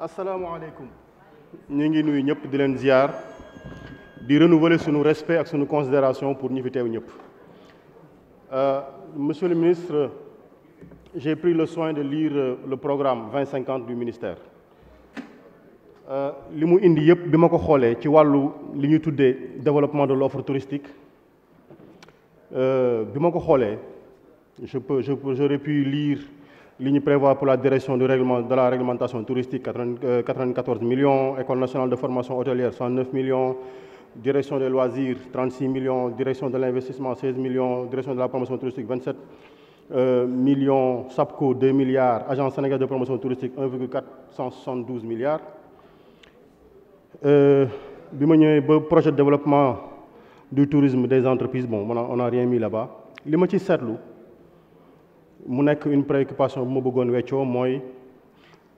asalaamaaleykum ñu ngi nuyu ñëpp di leen ziar di renouveler suñu respect ak suñu considération pour ñu fi teew ñëpp euh, monsieur le ministre j'ai pris le soin de lire euh, le programme 2050 du ministère euh, li mu indi yëpp bi ma ko xoolee ci wàllu li ñuy tuddee développement de l'offre touristique bi ma ko xoolee je peux je j'aurais pu lire li ñu prévoit pour la direction du règlement de la réglementation touristique 94 euh, millions école nationale de formation hôtelière 109 millions direction des loisirs 36 millions direction de l'investissement 16 millions direction de la promotion touristique 27 euh, millions SAPCO 2 milliards agence sénégalaise de promotion touristique 1,472 milliards euh, bi ma ñëwee ba projet de développement du tourisme des entreprises bon on a on a rien mis li ma ci seetlu mu nekk une préoccupation bu ma bëggoon weccoo mooy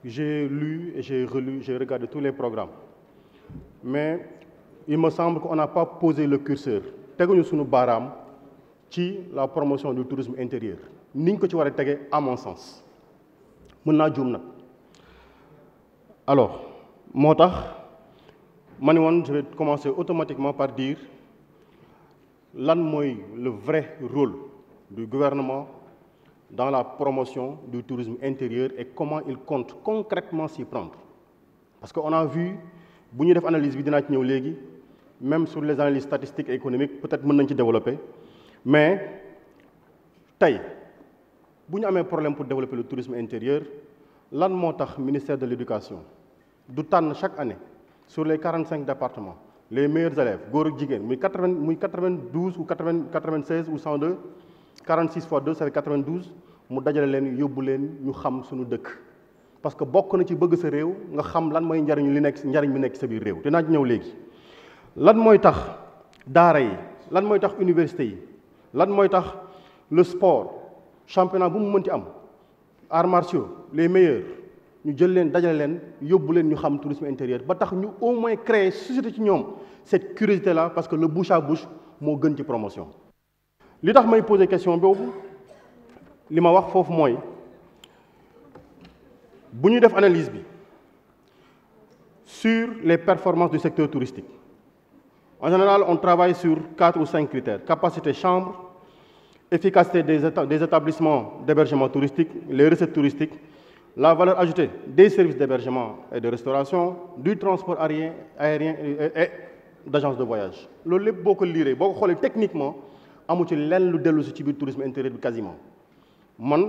j'ai lu et j'ai relu j'ai regardé tous les programmes mais il ma semble qu'on n'a pas posé le curseur teguñu suñu baaraam ci la promotion du tourisme intérieur niñ ko ci war a tegee à mon sens mën naa juum nag alors moo tax ma ne woon je vais commencer automatiquement par dire lan mooy le vrai rôle du gouvernement dans la promotion du tourisme intérieur et comment il compte concrètement s'y prendre. Parce qu'on a vu, si nous analyse, même sur les analyses statistiques et économiques, peut-être nous pouvons développer. Mais, tey bu ñu amee problème pour développer le tourisme intérieur, lan moo tax ministère de l'éducation du tànn chaque année sur les quarante cinq départements les meilleurs élèves góor jigéen muy quatre vingt muy quatre vingt douze ou ou cent deux 46 fois 2 ça fait 92 mu dajale leen yóbbu leen ñu xam suñu dëkk parce que bokk na ci bëgg sa réew nga xam lan mooy njariñ li nekk njariñ bi nekk sa biir réew dinaa ci ñëw léegi lan mooy tax daara yi lan mooy tax université yi lan mooy tax le sport championnat bu mu mënti am arts martiaux les meilleurs ñu jël leen dajale leen yóbbu leen ñu xam tourisme intérieur ba tax ñu au moins créer société ci ñoom cette curiosité la parce que le bouche moo gën ci promotion li tax may poser question boobu li ma wax foofu mooy bu ñu def analyse bi sur les performances du secteur touristique en général on travaille sur quatre ou cinq critères capacité chambre efficacité des établissements d'hébergement touristique les recettes touristiques la valeur ajoutée des services d'hébergement et de restauration du transport aérien aérien et d'agence de voyage loolu lépp boo ko liiree boo ko xoolee techniquement amu ci lenn lu dellusi ci biir tourisme intérieur bi quasiment man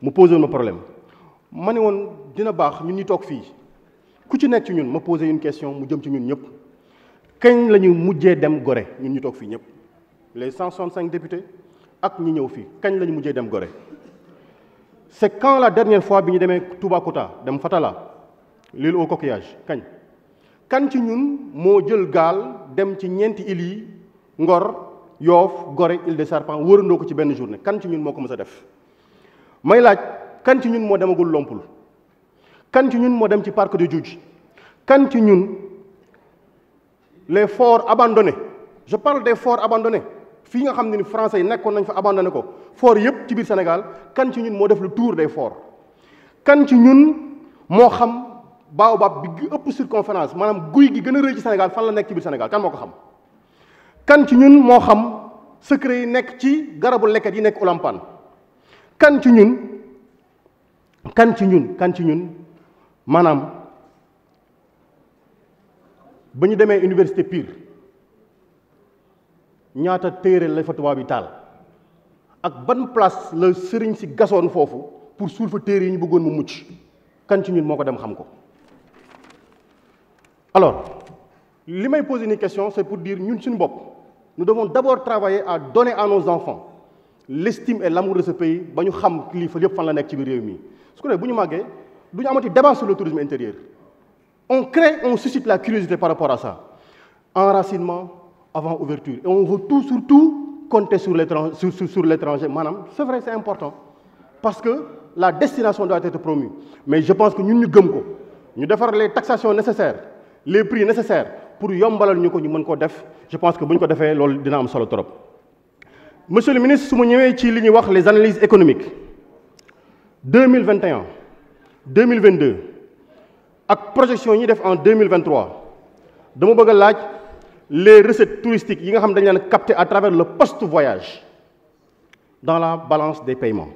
mu posé woon problème ma ne woon dina baax ñun ñu toog fii ku ci nekk ci ñun ma posé une question mu jëm ci ñun ñëpp kañ la ñu mujjee dem gore ñun ñu toog fii ñëpp les cinq députés ak ñi ñëw fii kañ la mujjee dem gore c'est quand la dernière fois bi ñu demee Toubacouta dem Fatala l'île au coquillage kañ kan ci ñun moo jël gaal dem ci ñeenti îles Ngor. Yoff gore Île des Serpents wërandoo ko ci benn journée kan ci ñun moo ko mës a def may laaj kan ci ñun moo demagul Lompul kan ci ñun moo dem ci parc de Djoudj kan ci ñun les foor abandonnés je parle de forts abandonnés fii nga xam ne ni français yi nekkoon nañ fa abandonné ko forts yëpp ci biir Sénégal kan ci ñun moo def le tour des forts kan ci ñun moo xam baobab bi ëpp circonférence maanaam guy gi gën a rëy ci Sénégal fan la nekk ci biir Sénégal kan xam kan ci ñun moo xam secret yi nekk ci garabu lekkat yi nekk olampaan kan ci ñun kan ci ñun kan ci ñun maanaam ba ñu demee université piir ñaata téere la fa tubaab yi taal ak ban place la sëriñ si gasoon foofu pour suul fa téere yi ñu bëggoon mu mucc kan ci ñun moo ko dem xam ko alors li may poser ni question c'est pour dire ñun suñu bopp nous devons d'abord travailler à donner à nos enfants l'estime et l'amour de ce pays ba ñu xam kilifa yëpp fan la nekk ci biir réew mi su ko defee bu ñu màggee du ñu amati débat sur le on crée on suscite la curiosité par rapport à ça enracinement avant ouverture et on veut tout surtout sur l'étranger sur sur sur l'étranger maanaam c'est vrai c'est important parce que la destination doit être promue mais je pense que ñun ñu gëm ko ñu defar les taxations nécessaires les prix nécessaires pour yombalal ñu ko ñu mën ko def je pense que bu ñu ko defee loolu dina am solo trop. monsieur le ministre su ma ñëwee ci li ñuy wax les analyses économiques deux mille vingt et un deux mille vingt deux ak projection yi ñu def en deux mille vingt dama bëgg a laaj les recettes touristiques yi nga xam dañ leen capter à travers le poste voyage dans la balance des paiements.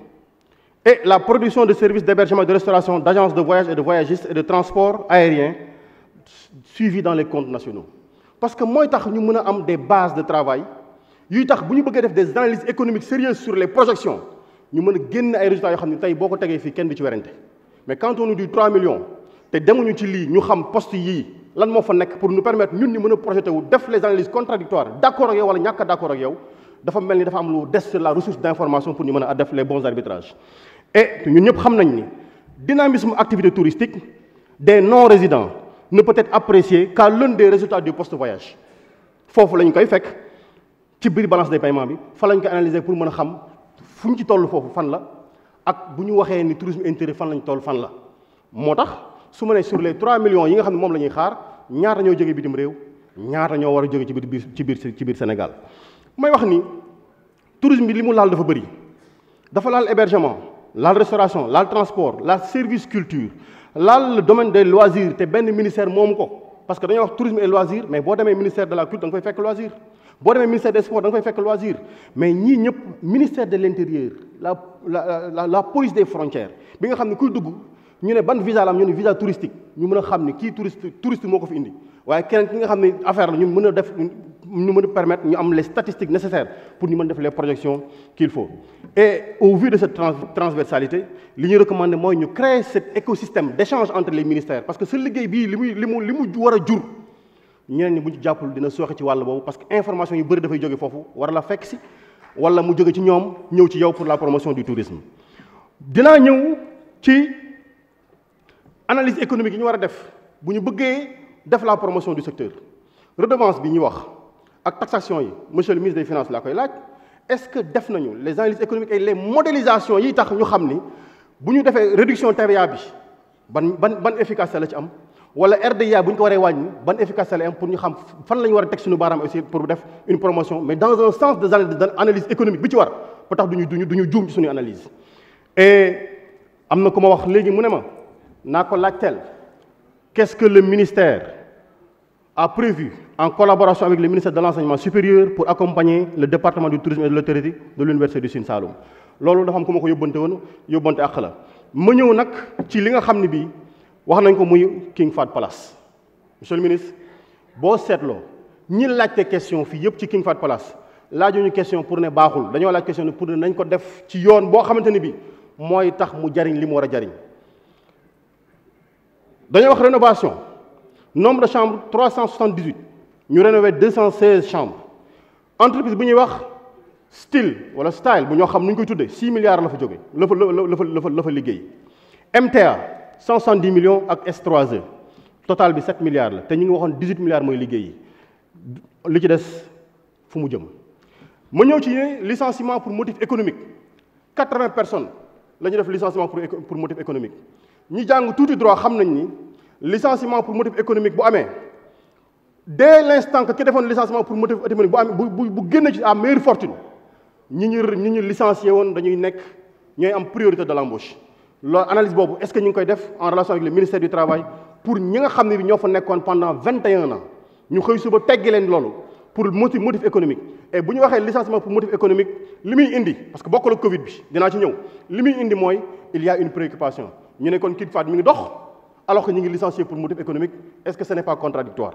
et la production de services d'hébergement de restauration d'agences de voyage et de voyagistes et de transport aérien suivi dans les comptes nationaux parce que mooy tax ñu mën a am des bases de travail yuy tax bu ñu bëggee def des analyses économiques sérieuses sur les projections ñu mën a génn ay résultats yoo xam ne tey boo ko tegee fii kenn du ci werante mais quand on nous dit 3 millions te demuñu ci lii ñu xam poste yii lan moo fa nekk pour nous permettre ñun ñu mën a projeté wu def les analyses contradictoires d' accord ak yow wala ñàkk a d' accord ak yow dafa mel ni am lu des sur la ressource d' information pour ñu mën a def les bons arbitrages et ñun ñëpp xam nañ des non résidents ne peut être apprécié qu'à l'un des résultats du post voyage foofu la ñu koy fekk ci biir balance des paiements bi fa la ñu koy analyser pour mën a xam fu ñu ci toll foofu fan la ak bu ñu waxee ni tourisme intérieur fan la ñu toll fan la. moo tax su ma nee sur les 3 millions yi nga xam ne moom la ñuy xaar ñaata ñoo jógee bitim réew ñaata ñoo war a jógee ci biir ci biir ci biir Sénégal mooy wax nii tourisme bi li mu laal dafa bëri dafa laal hébergement laal restauration laal transport laal service culture. laal le domaine des te benn ministère moom ko parce que dañoo wax tourisme et loisir mais boo demee ministère de la culture da nga fekk loisir boo demee ministère des sports da nga fekk loisir mais ñii ñëpp ministère de l' la la la la police des frontières bi nga xam ne kuy dugg ñu ne ban visa la am ñu ne visa touristique ñu mën a xam ni kii touriste touriste moo ko fi indi waaye keneen ki nga xam ne affaire la ñu mën a def nous mën permettre ñu am les statistiques nécessaires pour ñu mën def les projections qu'il faut et au vu de cette transversalité li ñuy recommandé mooy ñu créer cet écosystème d'échange entre les ministères parce que sa liggéey bii li muy li mu li mu war a jur ñeneen ñi bu ñu jàppul dina sooxe ci wàll boobu parce que information yu bëri dafay jóge foofu war la fekk si wala mu jóge ci ñoom ñëw ci yow pour la promotion du tourisme dinaa ñëw ci analyse économique yi war a def bu ñu bëggee def la promotion du secteur redevance bi ñu wax ak taxation yi monsieur le ministre des finances laa koy laaj est-ce que def nañu les analyses économiques et les modélisations yi tax ñu xam ni bu ñu defee réduction TVA bi ban ban ban efficacité la ci am wala RDA bu ñu ko waree wàññi ban efficacité la am pour ñu xam fan lañu ñu war a teg suñu baaraam aussi pour def une promotion mais dans un sens des analyse économique bi ci war ba tax duñu duñu duñu juum ci suñu analyse et am na ku ma wax léegi mu ne ma naa ko laajteel quest que le ministère a prévu en collaboration avec le ministère de l'enseignement supérieur pour accompagner le département du tourisme et de l'autorité de l'université du Sine Saloum loolu dafa am ku ma ko yóbbante woon yóbbante àq la ma ñëw nag ci li nga xam ne bii wax nañ ko muy King fat Palace monsieur le ministre boo seetloo ñi laajte question fii yëpp ci King Fahd Palace laajuñu question pour ne baaxul dañoo laaj question pour ne nañ ko def ci yoon boo xamante ne bii mooy tax mu jariñ li mu war a jariñ dañoo wax rénovation nombre de chambres 378 ñu rénover deux cent seize chambres entreprise bi ñuy wax style wala style bu ñoo xam nu ñu koy tuddee six milliards la fa jóge la fa la fa la fa liggéey MTA cent soixante dix millions ak s e total bi sept milliards la te ñu ngi waxoon dix huit milliards mooy liggéey li ci des fu mu jëm. ma ñëw ci ne licenciement pour motif économique quatre vingt personnes la ñu def licenciement pour pour économique ñi jàng tuuti droit xam nañ ni licenciement pour motif économique bu amee. de l'instant que ki defoon licenciement pour motif économique bu am bu bu génne ci à meilleure fortune ñi ñu ñi woon dañuy nekk ñooy am priorité de l'embauche loolu analyse boobu est-ce que ñu ngi koy def en relation avec le ministère du travail pour ñi nga xam ne bi ñoo fa nekkoon pendant vingt et un ans ñu xëy suba teggi leen loolu pour motif motif économique et bu ñu waxee licenciement pour motif économique li muy indi parce que bokkul ak Covid bi dinaa ci ñëw li mooy a une préoccupation ñu ne kon kii faat mi ngi alors que ñu ngi licencié pour motif économique est-ce que ce n'est pas contradictoire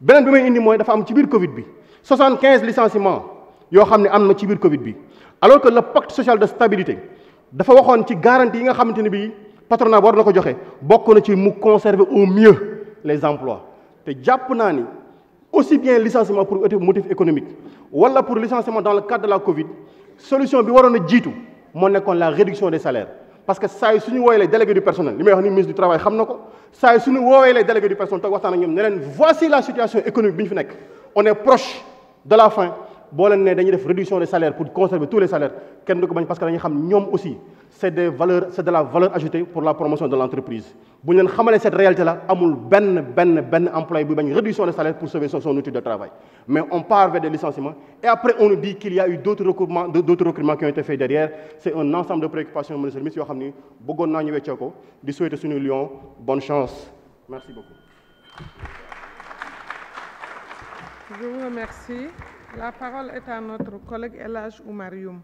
beneen bi may indi mooy dafa am ci biir Covid bi 75 yoo xam ne am na ci biir Covid bi alors que le pacte social de stabilité dafa waxoon ci garantie yi nga xamante ne bii patronat war na ko joxe bokk na ci mu conserver au mieux les emplois te jàpp naa ni aussi bien licenciement pour motif économique wala pour licenciement dans le cadre de la Covid solution bi waroon a jiitu moo nekkoon la réduction des salaires. parce que saa yu suñu woowee les délégués du personnel li may wax ni ministre du travail xam na ko saa yu suñu woowee les délégués du personnel toog waxtaan ak ñoom ne voici la situation économique bi ñu fi nekk on est proche de la fin boo leen ne dañuy def réduction des salaires pour conserver tous les salaires kenn du ko bañ parce que dañuy xam ñoom aussi c' est des valeurs de la valeur ajoutée pour la promotion de l' bu leen xamalee cette réalité la amul benn benn benn employé bu bañ réduction des salaires pour sauver son son de travail mais on part vers des et après on nous dit qu'il y a eu d' de préoccupations monsieur le xam ni bëggoon La parole est à notre collègue Elage Oumarioum.